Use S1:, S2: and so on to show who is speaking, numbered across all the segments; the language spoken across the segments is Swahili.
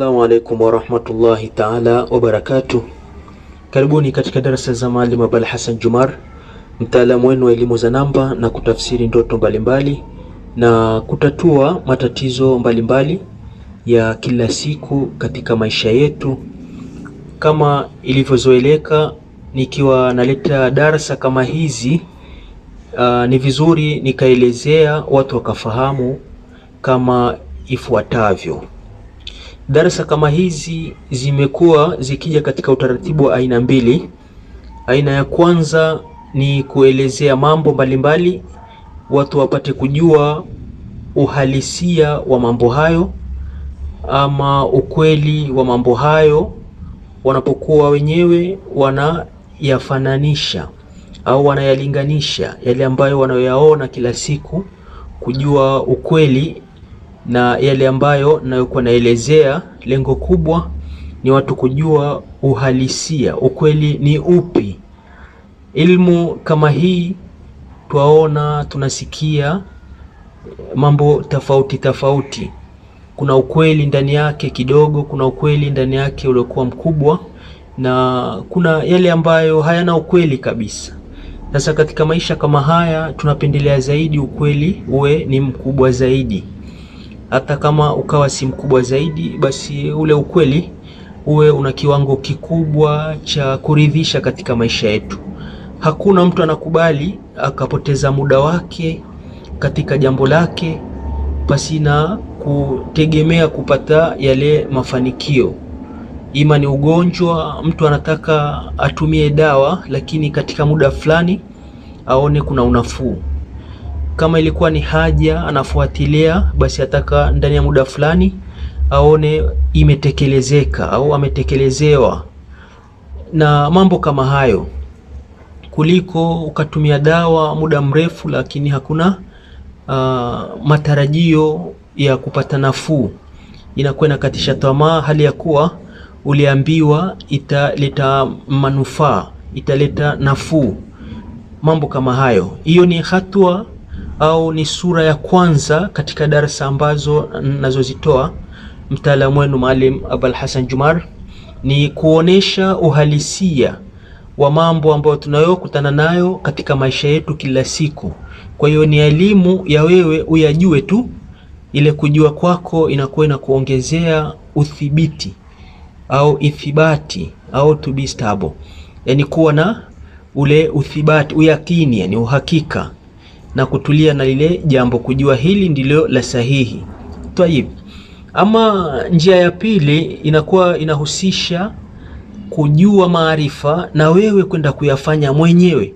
S1: Assalamu alaikum warahmatullahi taala wabarakatuh. Karibuni katika darasa za Maalim Abul Hassan Jumar, mtaalamu wenu wa elimu za namba na kutafsiri ndoto mbalimbali na kutatua matatizo mbalimbali ya kila siku katika maisha yetu. Kama ilivyozoeleka, nikiwa naleta darasa kama hizi uh, ni vizuri nikaelezea watu wakafahamu kama ifuatavyo. Darasa kama hizi zimekuwa zikija katika utaratibu wa aina mbili. Aina ya kwanza ni kuelezea mambo mbalimbali mbali, watu wapate kujua uhalisia wa mambo hayo ama ukweli wa mambo hayo wanapokuwa wenyewe wanayafananisha au wanayalinganisha yale ambayo wanayoyaona kila siku, kujua ukweli na yale ambayo nayokuwa naelezea, lengo kubwa ni watu kujua uhalisia, ukweli ni upi. ilmu kama hii twaona, tunasikia mambo tofauti tofauti. Kuna ukweli ndani yake kidogo, kuna ukweli ndani yake uliokuwa mkubwa, na kuna yale ambayo hayana ukweli kabisa. Sasa katika maisha kama haya tunapendelea zaidi ukweli uwe ni mkubwa zaidi hata kama ukawa si mkubwa zaidi, basi ule ukweli uwe una kiwango kikubwa cha kuridhisha katika maisha yetu. Hakuna mtu anakubali akapoteza muda wake katika jambo lake na kutegemea kupata yale mafanikio. Ima ni ugonjwa, mtu anataka atumie dawa, lakini katika muda fulani aone kuna unafuu. Kama ilikuwa ni haja anafuatilia, basi ataka ndani ya muda fulani aone imetekelezeka au ametekelezewa na mambo kama hayo, kuliko ukatumia dawa muda mrefu, lakini hakuna uh, matarajio ya kupata nafuu. Inakuwa inakatisha tamaa, hali ya kuwa uliambiwa italeta manufaa, italeta nafuu, mambo kama hayo. Hiyo ni hatua au ni sura ya kwanza katika darasa ambazo nazozitoa, mtaalamu wenu Maalim Abul Hassan Jumar, ni kuonesha uhalisia wa mambo ambayo tunayokutana nayo katika maisha yetu kila siku. Kwa hiyo ni elimu ya wewe uyajue tu, ile kujua kwako inakuwa inakuongezea uthibiti au ithibati au to be stable, yani kuwa na ule uthibati, uyakini, yani uhakika na kutulia na lile jambo, kujua hili ndilo la sahihi. Tayib. Ama njia ya pili inakuwa inahusisha kujua maarifa na wewe kwenda kuyafanya mwenyewe.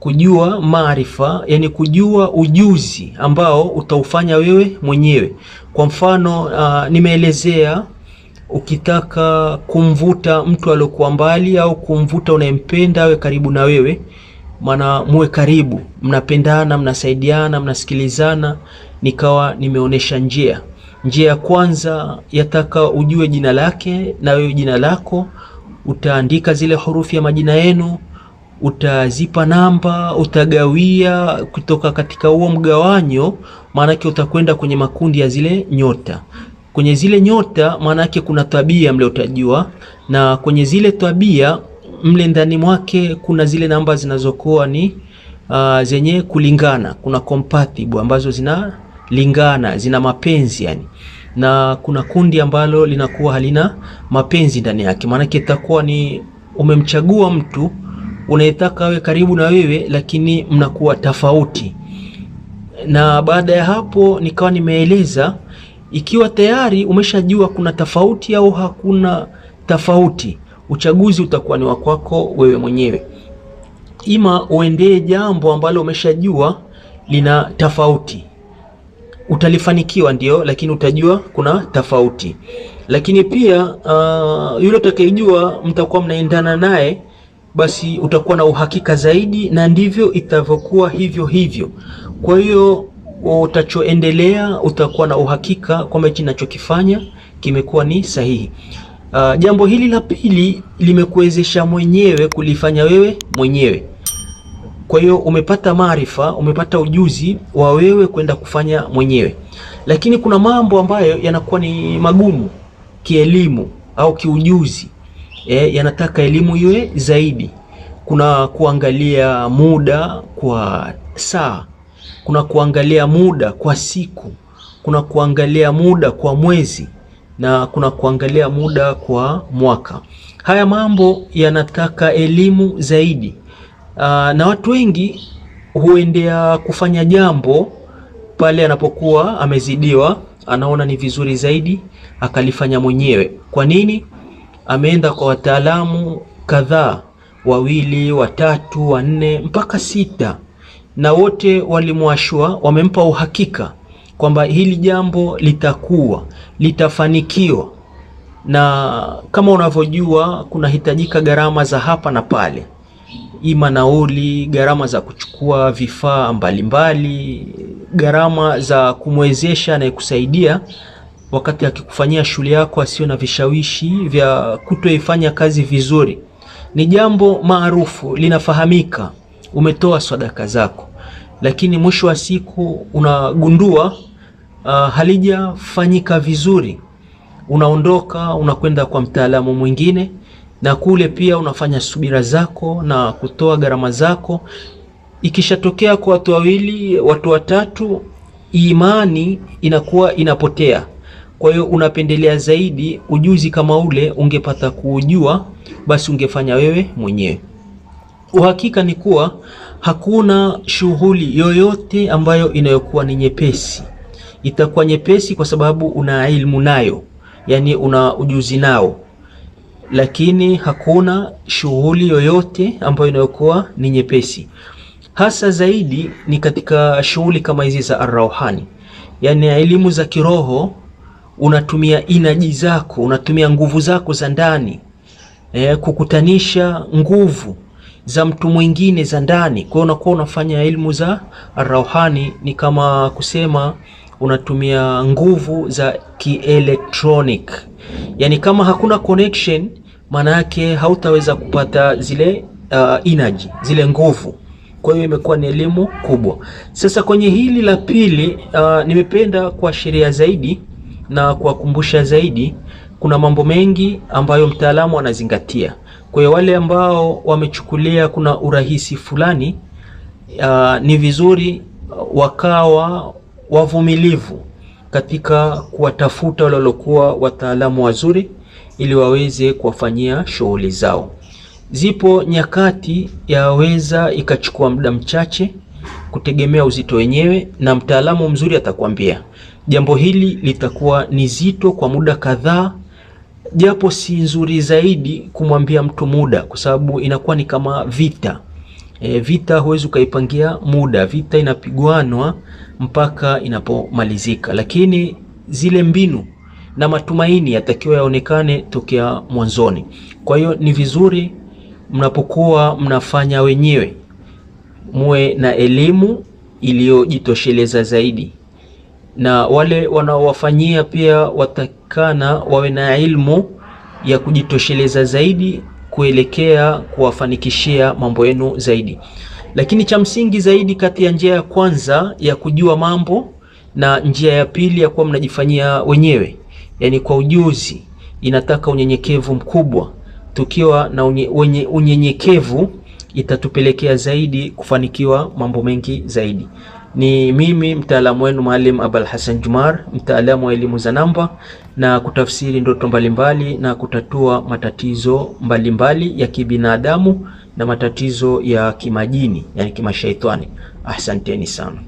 S1: Kujua maarifa, yani kujua ujuzi ambao utaufanya wewe mwenyewe. Kwa mfano uh, nimeelezea ukitaka kumvuta mtu aliyokuwa mbali au kumvuta unayempenda awe karibu na wewe maana muwe karibu, mnapendana, mnasaidiana, mnasikilizana. Nikawa nimeonyesha njia. Njia ya kwanza yataka ujue jina lake na wewe jina lako, utaandika zile hurufi ya majina yenu, utazipa namba, utagawia kutoka katika huo mgawanyo. Maanake utakwenda kwenye makundi ya zile nyota kwenye zile nyota maana yake kuna tabia mliotajua, na kwenye zile tabia mle ndani mwake kuna zile namba zinazokuwa ni uh, zenye kulingana, kuna compatible ambazo zinalingana, zina mapenzi yani, na kuna kundi ambalo linakuwa halina mapenzi ndani yake. Maanake itakuwa ni umemchagua mtu unayetaka awe karibu na wewe, lakini mnakuwa tofauti. Na baada ya hapo nikawa nimeeleza ikiwa tayari umeshajua kuna tofauti au hakuna tofauti uchaguzi utakuwa ni wa kwako wewe mwenyewe. Ima uendee jambo ambalo umeshajua lina tofauti, utalifanikiwa ndio, lakini utajua kuna tofauti. Lakini pia uh, yule utakayejua mtakuwa mnaendana naye, basi utakuwa na uhakika zaidi, na ndivyo itavyokuwa hivyo hivyo. Kwa hiyo utachoendelea utakuwa na uhakika kwamba hichi nachokifanya kimekuwa ni sahihi. Uh, jambo hili la pili limekuwezesha mwenyewe kulifanya wewe mwenyewe. Kwa hiyo umepata maarifa, umepata ujuzi wa wewe kwenda kufanya mwenyewe, lakini kuna mambo ambayo yanakuwa ni magumu kielimu au kiujuzi eh, yanataka elimu iwe zaidi. Kuna kuangalia muda kwa saa, kuna kuangalia muda kwa siku, kuna kuangalia muda kwa mwezi na kuna kuangalia muda kwa mwaka. Haya mambo yanataka elimu zaidi. Aa, ah, na watu wengi huendea kufanya jambo pale anapokuwa amezidiwa, anaona ni vizuri zaidi akalifanya mwenyewe. Kwa nini? Ameenda kwa wataalamu kadhaa, wawili, watatu, wanne mpaka sita, na wote walimwashua, wamempa uhakika kwamba hili jambo litakuwa litafanikiwa, na kama unavyojua kunahitajika gharama za hapa na pale, ima nauli, gharama za kuchukua vifaa mbalimbali, gharama za kumwezesha anayekusaidia wakati akikufanyia shule yako asio na vishawishi vya kutoifanya kazi vizuri. Ni jambo maarufu, linafahamika, umetoa sadaka zako, lakini mwisho wa siku unagundua uh, halijafanyika vizuri, unaondoka unakwenda kwa mtaalamu mwingine, na kule pia unafanya subira zako na kutoa gharama zako. Ikishatokea kwa watu wawili, watu watatu, imani inakuwa inapotea. Kwa hiyo unapendelea zaidi ujuzi kama ule ungepata kuujua, basi ungefanya wewe mwenyewe. Uhakika ni kuwa hakuna shughuli yoyote ambayo inayokuwa ni nyepesi itakuwa nyepesi kwa sababu una ilmu nayo, yani una ujuzi nao, lakini hakuna shughuli yoyote ambayo inayokuwa ni nyepesi. Hasa zaidi ni katika shughuli kama hizi za arrauhani, yani elimu za kiroho. Unatumia inaji zako, unatumia nguvu zako za ndani e, kukutanisha nguvu za mtu mwingine za ndani. Kwa hiyo unakuwa unafanya ilmu za arrauhani, ni kama kusema unatumia nguvu za kielektronic. Yani kama hakuna connection, maana yake hautaweza kupata zile uh, energy, zile nguvu. Kwa hiyo imekuwa ni elimu kubwa. Sasa kwenye hili la pili, uh, nimependa kuashiria zaidi na kuwakumbusha zaidi, kuna mambo mengi ambayo mtaalamu anazingatia. Kwa hiyo wale ambao wamechukulia kuna urahisi fulani, uh, ni vizuri wakawa wavumilivu katika kuwatafuta wale waliokuwa wataalamu wazuri ili waweze kuwafanyia shughuli zao. Zipo nyakati yaweza ikachukua muda mchache kutegemea uzito wenyewe, na mtaalamu mzuri atakwambia jambo hili litakuwa ni zito kwa muda kadhaa, japo si nzuri zaidi kumwambia mtu muda, kwa sababu inakuwa ni kama vita. E, vita huwezi ukaipangia muda, vita inapigwanwa mpaka inapomalizika, lakini zile mbinu na matumaini yatakiwa yaonekane tokea mwanzoni. Kwa hiyo ni vizuri mnapokuwa mnafanya wenyewe muwe na elimu iliyojitosheleza zaidi, na wale wanaowafanyia pia watakana wawe na elimu ya kujitosheleza zaidi kuelekea kuwafanikishia mambo yenu zaidi. Lakini cha msingi zaidi kati ya njia ya kwanza ya kujua mambo na njia ya pili ya kuwa mnajifanyia wenyewe, yani kwa ujuzi, inataka unyenyekevu mkubwa. Tukiwa na unye, unye, unyenyekevu itatupelekea zaidi kufanikiwa mambo mengi zaidi. Ni mimi mtaalamu wenu Maalim Abul Hassan Jumar, mtaalamu wa elimu za namba na kutafsiri ndoto mbalimbali na kutatua matatizo mbalimbali ya kibinadamu na matatizo ya kimajini, yani kimashaitani. Asanteni sana.